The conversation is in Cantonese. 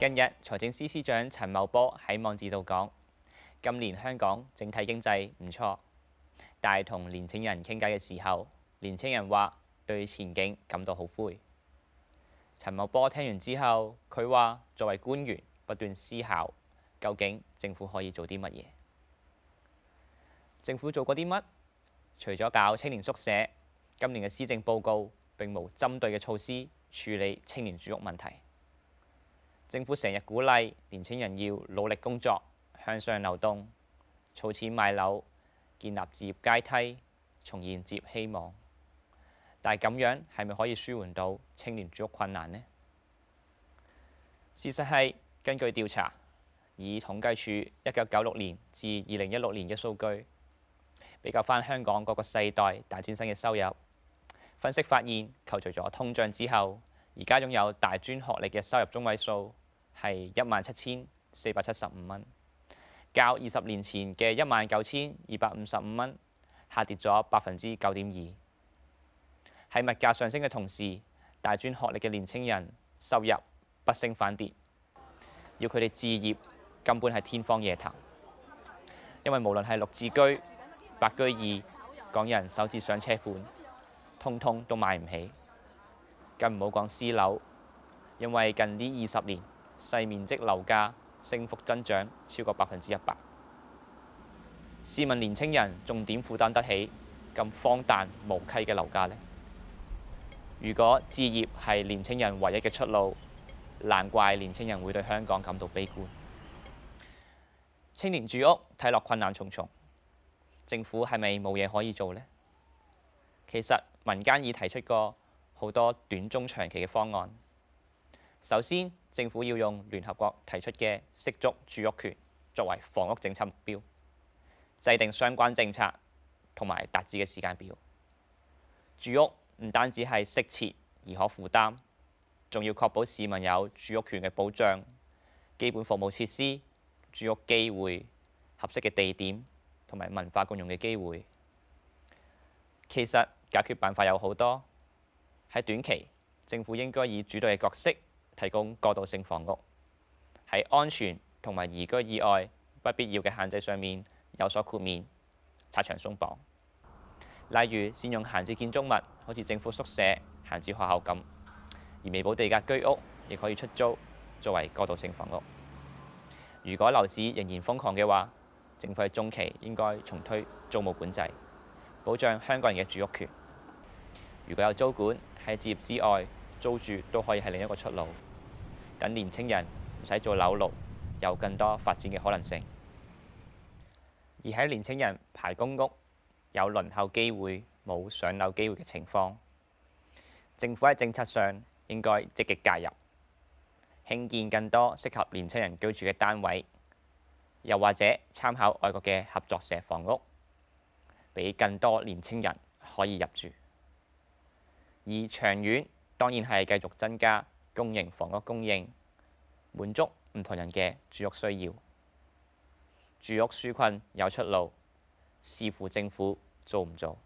近日，財政司司長陳茂波喺網誌度講：今年香港整體經濟唔錯，但係同年青人傾偈嘅時候，年青人話對前景感到好灰。陳茂波聽完之後，佢話：作為官員，不斷思考究竟政府可以做啲乜嘢。政府做過啲乜？除咗搞青年宿舍，今年嘅施政報告並無針對嘅措施處理青年住屋問題。政府成日鼓勵年青人要努力工作、向上流動、儲錢買樓、建立置業階梯，重現置業希望。但係咁樣係咪可以舒緩到青年住屋困難呢？事實係根據調查，以統計處一九九六年至二零一六年嘅數據比較返香港各個世代大專生嘅收入，分析發現，扣除咗通脹之後，而家擁有大專學歷嘅收入中位數，係一萬七千四百七十五蚊，較二十年前嘅一萬九千二百五十五蚊下跌咗百分之九點二。喺物價上升嘅同時，大專學歷嘅年青人收入不升反跌，要佢哋置業根本係天方夜譚，因為無論係綠置居、白居二、港人首次上車盤，通通都買唔起，更唔好講私樓，因為近呢二十年。細面積樓價升幅增長超過百分之一百，試問年青人仲點負擔得起咁荒誕無稽嘅樓價呢？如果置業係年青人唯一嘅出路，難怪年青人會對香港感到悲觀。青年住屋睇落困難重重，政府係咪冇嘢可以做呢？其實民間已提出過好多短、中、長期嘅方案。首先，政府要用聯合國提出嘅適足住屋權作為房屋政策目標，制定相關政策同埋達至嘅時間表。住屋唔單止係適切而可負擔，仲要確保市民有住屋權嘅保障、基本服務設施、住屋機會、合適嘅地點同埋文化共用嘅機會。其實解決辦法有好多。喺短期，政府應該以主導嘅角色。提供過渡性房屋喺，安全同埋宜居以外不必要嘅限制上面有所豁免，拆牆鬆綁。例如善用閒置建築物，好似政府宿舍、閒置學校咁，而未補地價居屋亦可以出租作為過渡性房屋。如果樓市仍然瘋狂嘅話，政府喺中期應該重推租務管制，保障香港人嘅住屋權。如果有租管喺，置業之外租住都可以係另一個出路。等年青人唔使做樓奴，有更多發展嘅可能性。而喺年青人排公屋有輪候機會，冇上樓機會嘅情況，政府喺政策上應該積極介入，興建更多適合年青人居住嘅單位，又或者參考外國嘅合作社房屋，俾更多年青人可以入住。而長遠當然係繼續增加。公營房屋供應，滿足唔同人嘅住屋需要。住屋紓困有出路，視乎政府做唔做。